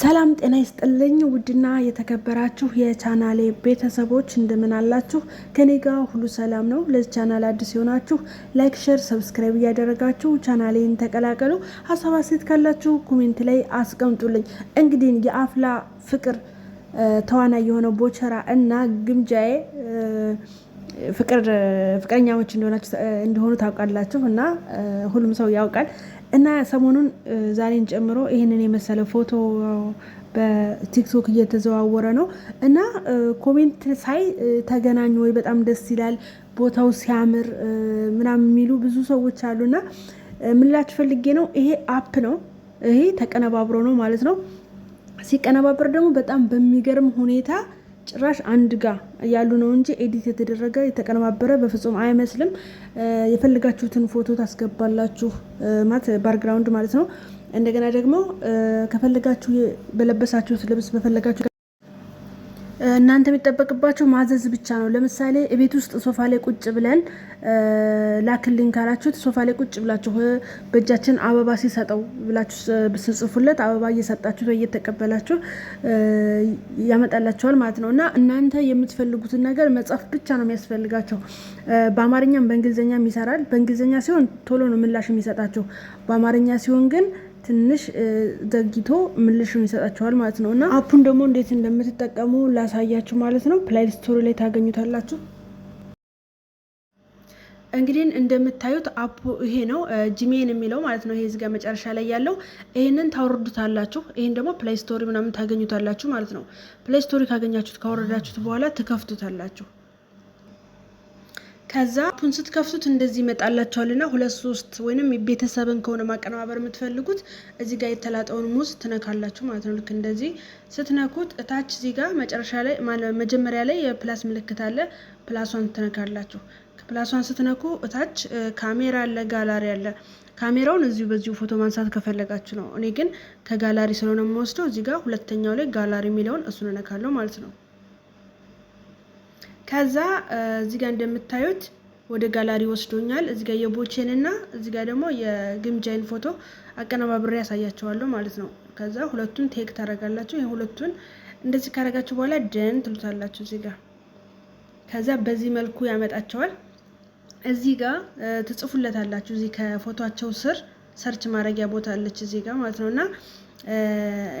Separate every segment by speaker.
Speaker 1: ሰላም ጤና ይስጥልኝ። ውድና የተከበራችሁ የቻናሌ ቤተሰቦች እንደምን አላችሁ? ከኔ ጋር ሁሉ ሰላም ነው። ለዚህ ቻናል አዲስ የሆናችሁ ላይክ፣ ሸር፣ ሰብስክራይብ እያደረጋችሁ ቻናሌን ተቀላቀሉ። ሀሳብ አስተያየት ካላችሁ ኮሜንት ላይ አስቀምጡልኝ። እንግዲህ የአፍላ ፍቅር ተዋናይ የሆነ ቦቸራ እና ግምጃዬ ፍቅረኛሞች እንደሆኑ ታውቃላችሁ እና ሁሉም ሰው ያውቃል። እና ሰሞኑን ዛሬን ጨምሮ ይህንን የመሰለ ፎቶ በቲክቶክ እየተዘዋወረ ነው እና ኮሜንት ሳይ ተገናኙ ወይ በጣም ደስ ይላል፣ ቦታው ሲያምር ምናምን የሚሉ ብዙ ሰዎች እና ምላች ፈልጌ ነው። ይሄ አፕ ነው። ይሄ ተቀነባብሮ ነው ማለት ነው። ሲቀነባበር ደግሞ በጣም በሚገርም ሁኔታ ጭራሽ አንድ ጋ ያሉ ነው እንጂ ኤዲት የተደረገ የተቀነባበረ በፍጹም አይመስልም። የፈልጋችሁትን ፎቶ ታስገባላችሁ ማለት ባርግራውንድ ማለት ነው። እንደገና ደግሞ ከፈለጋችሁ በለበሳችሁት ልብስ በፈለጋችሁ እናንተ የሚጠበቅባቸው ማዘዝ ብቻ ነው። ለምሳሌ ቤት ውስጥ ሶፋ ላይ ቁጭ ብለን ላክልኝ ካላችሁት ሶፋ ላይ ቁጭ ብላችሁ በእጃችን አበባ ሲሰጠው ብላችሁ ስጽፉለት አበባ እየሰጣችሁት እየተቀበላችሁ ያመጣላቸዋል ማለት ነው እና እናንተ የምትፈልጉትን ነገር መጻፍ ብቻ ነው የሚያስፈልጋቸው። በአማርኛም በእንግሊዝኛም ይሰራል። በእንግሊዝኛ ሲሆን ቶሎ ነው ምላሽ የሚሰጣቸው። በአማርኛ ሲሆን ግን ትንሽ ዘግይቶ ምልሽም ይሰጣችኋል ማለት ነው። እና አፑን ደግሞ እንዴት እንደምትጠቀሙ ላሳያችሁ ማለት ነው። ፕላይ ስቶሪ ላይ ታገኙታላችሁ። እንግዲህ እንደምታዩት አፑ ይሄ ነው፣ ጂሜን የሚለው ማለት ነው። ይሄ እዚህ መጨረሻ ላይ ያለው ይህንን ታወርዱታላችሁ። ይህን ደግሞ ፕላይ ስቶሪ ምናምን ታገኙታላችሁ ማለት ነው። ፕላይ ስቶሪ ካገኛችሁት ካወረዳችሁት በኋላ ትከፍቱታላችሁ። ከዛ አፑን ስትከፍቱት እንደዚህ ይመጣላቸዋል ና ሁለት ሶስት ወይም ቤተሰብን ከሆነ ማቀነባበር የምትፈልጉት እዚህ ጋር የተላጠውን ሙዝ ትነካላችሁ ማለት ነው። ልክ እንደዚህ ስትነኩት እታች እዚህ ጋር መጨረሻ ላይ መጀመሪያ ላይ የፕላስ ምልክት አለ። ፕላሷን ትነካላችሁ። ፕላሷን ስትነኩ እታች ካሜራ አለ፣ ጋላሪ አለ። ካሜራውን እዚሁ በዚሁ ፎቶ ማንሳት ከፈለጋችሁ ነው። እኔ ግን ከጋላሪ ስለሆነ የምወስደው እዚህ ጋር ሁለተኛው ላይ ጋላሪ የሚለውን እሱን እነካለሁ ማለት ነው። ከዛ እዚህ ጋር እንደምታዩት ወደ ጋላሪ ወስዶኛል። እዚህ ጋር የቦቼን እና እዚህ ጋር ደግሞ የግምጃይን ፎቶ አቀነባብሬ ያሳያቸዋለሁ ማለት ነው። ከዛ ሁለቱን ቴክ ታደርጋላችሁ። ሁለቱን እንደዚህ ካደረጋችሁ በኋላ ደን ትሉታላችሁ እዚህ ጋር። ከዛ በዚህ መልኩ ያመጣቸዋል። እዚህ ጋር ትጽፉለታላችሁ። እዚህ ከፎቶቸው ስር ሰርች ማድረጊያ ቦታ አለች እዚህ ጋር ማለት ነው እና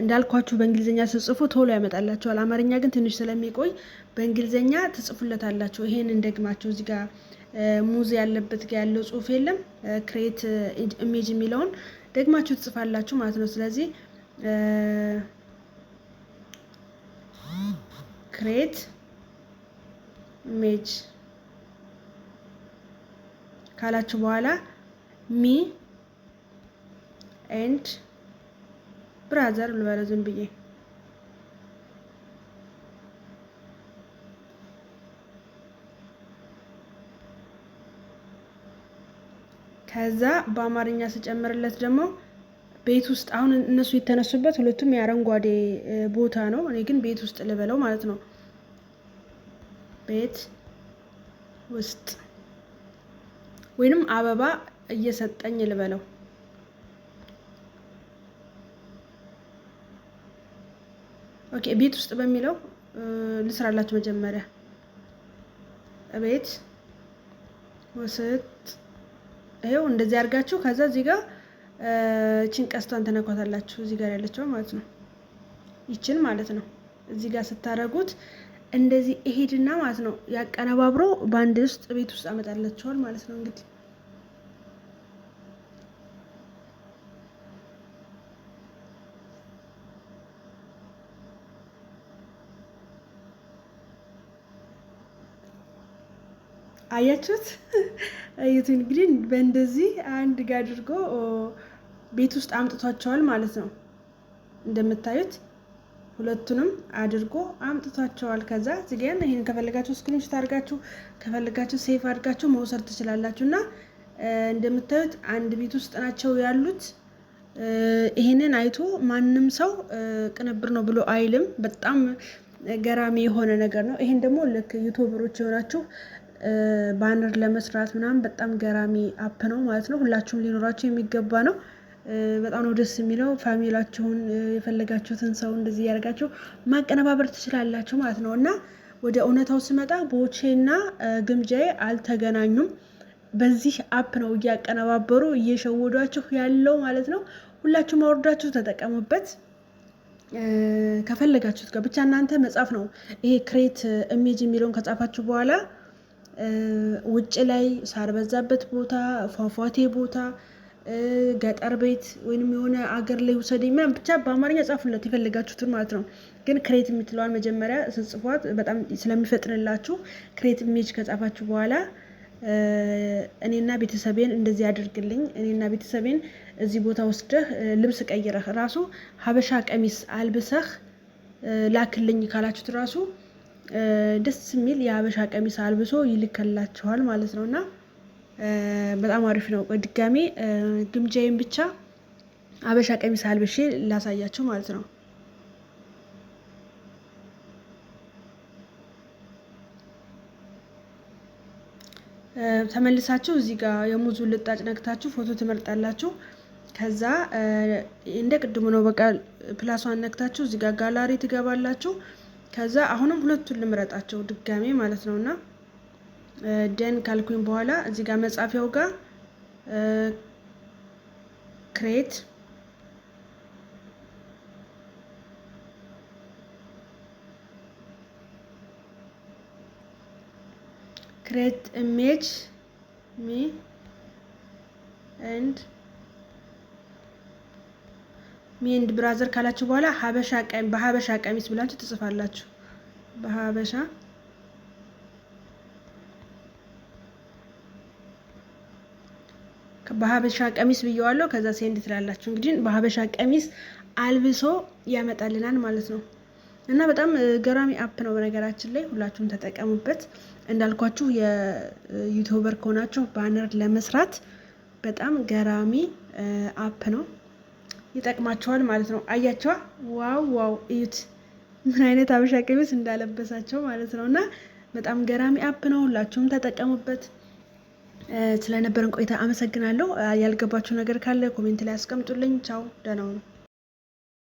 Speaker 1: እንዳልኳችሁ በእንግሊዝኛ ስጽፉ ቶሎ ያመጣላቸዋል። አማርኛ ግን ትንሽ ስለሚቆይ በእንግሊዝኛ ትጽፉለታላችሁ። ይሄን እንደግማችሁ እዚህ ጋር ሙዝ ያለበት ጋ ያለው ጽሁፍ የለም ክሬት ኢሜጅ የሚለውን ደግማችሁ ትጽፋላችሁ ማለት ነው። ስለዚህ ክሬት ኢሜጅ ካላችሁ በኋላ ሚ ኤንድ ብራዘር ልበለ ዝም ብዬ ከዛ በአማርኛ ስጨምርለት ደግሞ ቤት ውስጥ አሁን እነሱ የተነሱበት ሁለቱም የአረንጓዴ ቦታ ነው። እኔ ግን ቤት ውስጥ ልበለው ማለት ነው። ቤት ውስጥ ወይንም አበባ እየሰጠኝ ልበለው። ኦኬ ቤት ውስጥ በሚለው ልስራላችሁ። መጀመሪያ ቤት ውስጥ ይኸው እንደዚህ አድርጋችሁ ከዛ እዚህ ጋር እቺን ቀስቷን ተነኳታላችሁ እዚህ ጋር ያለችው ማለት ነው። ይችን ማለት ነው እዚህ ጋር ስታረጉት እንደዚህ እሄድና ማለት ነው ያቀነባብሮ በአንድ ውስጥ ቤት ውስጥ አመጣላችኋል ማለት ነው እንግዲህ አያችሁት? እዩት እንግዲህ በእንደዚህ አንድ ጋ አድርጎ ቤት ውስጥ አምጥቷቸዋል ማለት ነው። እንደምታዩት ሁለቱንም አድርጎ አምጥቷቸዋል። ከዛ ዚጋን ይህን ከፈለጋችሁ ስክሪንሽት አድርጋችሁ ከፈለጋችሁ ሴፍ አድርጋችሁ መውሰድ ትችላላችሁ። እና እንደምታዩት አንድ ቤት ውስጥ ናቸው ያሉት። ይህንን አይቶ ማንም ሰው ቅንብር ነው ብሎ አይልም። በጣም ገራሚ የሆነ ነገር ነው። ይህን ደግሞ ልክ ዩቱበሮች የሆናችሁ ባነር ለመስራት ምናምን በጣም ገራሚ አፕ ነው ማለት ነው። ሁላችሁም ሊኖራቸው የሚገባ ነው። በጣም ነው ደስ የሚለው። ፋሚላችሁን የፈለጋችሁትን ሰው እንደዚህ ያደርጋችሁ ማቀነባበር ትችላላችሁ ማለት ነው። እና ወደ እውነታው ስመጣ ቦቼና ግምጃዬ አልተገናኙም። በዚህ አፕ ነው እያቀነባበሩ እየሸወዷችሁ ያለው ማለት ነው። ሁላችሁም አውርዳችሁ ተጠቀሙበት ከፈለጋችሁት ጋር ብቻ እናንተ መጻፍ ነው። ይሄ ክሬት ኢሜጅ የሚለውን ከጻፋችሁ በኋላ ውጭ ላይ ሳር በዛበት ቦታ፣ ፏፏቴ ቦታ፣ ገጠር ቤት ወይም የሆነ አገር ላይ ውሰደኝ ምናምን ብቻ በአማርኛ ጻፉለት የፈለጋችሁትን ማለት ነው። ግን ክሬት የምትለዋን መጀመሪያ ስጽፏት በጣም ስለሚፈጥንላችሁ ክሬት ሜጅ ከጻፋችሁ በኋላ እኔና ቤተሰቤን እንደዚህ አድርግልኝ፣ እኔና ቤተሰቤን እዚህ ቦታ ወስደህ ልብስ ቀይረህ ራሱ ሀበሻ ቀሚስ አልብሰህ ላክልኝ ካላችሁት ራሱ ደስ የሚል የሀበሻ ቀሚስ አልብሶ ይልከላቸዋል ማለት ነው። እና በጣም አሪፍ ነው። ድጋሜ ግምጃዬን ብቻ ሀበሻ ቀሚስ አልብሼ ላሳያቸው ማለት ነው። ተመልሳችሁ እዚህ ጋር የሙዙን ልጣጭ ነክታችሁ ፎቶ ትመርጣላችሁ። ከዛ እንደ ቅድሙ ነው በቃ ፕላሷን ነክታችሁ እዚህ ጋር ጋላሪ ትገባላችሁ። ከዛ አሁንም ሁለቱን ልምረጣቸው ድጋሜ ማለት ነው እና ደን ካልኩኝ በኋላ እዚህ ጋር መጻፊያው ጋር ክሬት ክሬት ኢሜጅ ሚ ኤንድ ሜንድ ብራዘር ካላችሁ በኋላ ሀበሻ ቀሚስ በሀበሻ ቀሚስ ብላችሁ ትጽፋላችሁ። በሀበሻ በሀበሻ ቀሚስ ብየዋለሁ። ከዛ ሴንድ ትላላችሁ። እንግዲህ በሀበሻ ቀሚስ አልብሶ ያመጣልናል ማለት ነው። እና በጣም ገራሚ አፕ ነው። በነገራችን ላይ ሁላችሁም ተጠቀሙበት። እንዳልኳችሁ የዩቲዩበር ከሆናችሁ ባነር ለመስራት በጣም ገራሚ አፕ ነው። ይጠቅማቸዋል ማለት ነው። አያቸዋ ዋው ዋው! እዩት ምን አይነት ሀበሻ ቀሚስ እንዳለበሳቸው ማለት ነው። እና በጣም ገራሚ አፕ ነው። ሁላችሁም ተጠቀሙበት። ስለነበረን ቆይታ አመሰግናለሁ። ያልገባችሁ ነገር ካለ ኮሜንት ላይ አስቀምጡልኝ። ቻው፣ ደህና ነው።